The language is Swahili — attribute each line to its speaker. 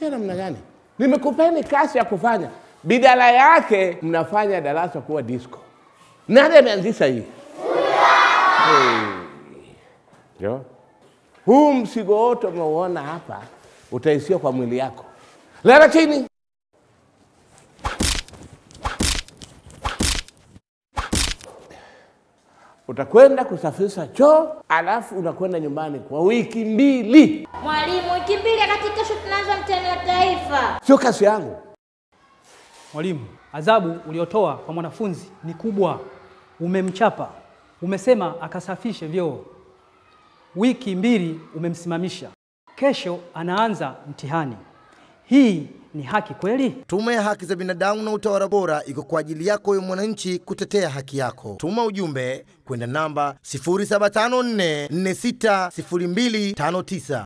Speaker 1: tena namna gani? Nimekupeni kasi ya kufanya, bidala yake mnafanya darasa kuwa disco. Nani ameanzisha hii? Hey. Huu msigo wote umeuona hapa, utahisia kwa mwili yako. Lala chini, Utakwenda kusafisha choo, alafu unakwenda nyumbani kwa wiki mbili.
Speaker 2: Mwalimu, wiki mbili? Wakati kesho tunaanza mtihani wa taifa.
Speaker 1: Sio kazi yangu.
Speaker 3: Mwalimu, adhabu uliotoa kwa mwanafunzi ni kubwa. Umemchapa, umesema akasafishe vyoo, wiki mbili umemsimamisha, kesho anaanza mtihani. Hii ni haki kweli?
Speaker 4: Tume ya Haki za Binadamu na Utawala Bora iko kwa ajili yako wewe mwananchi kutetea haki yako. Tuma ujumbe kwenda namba 0754460259.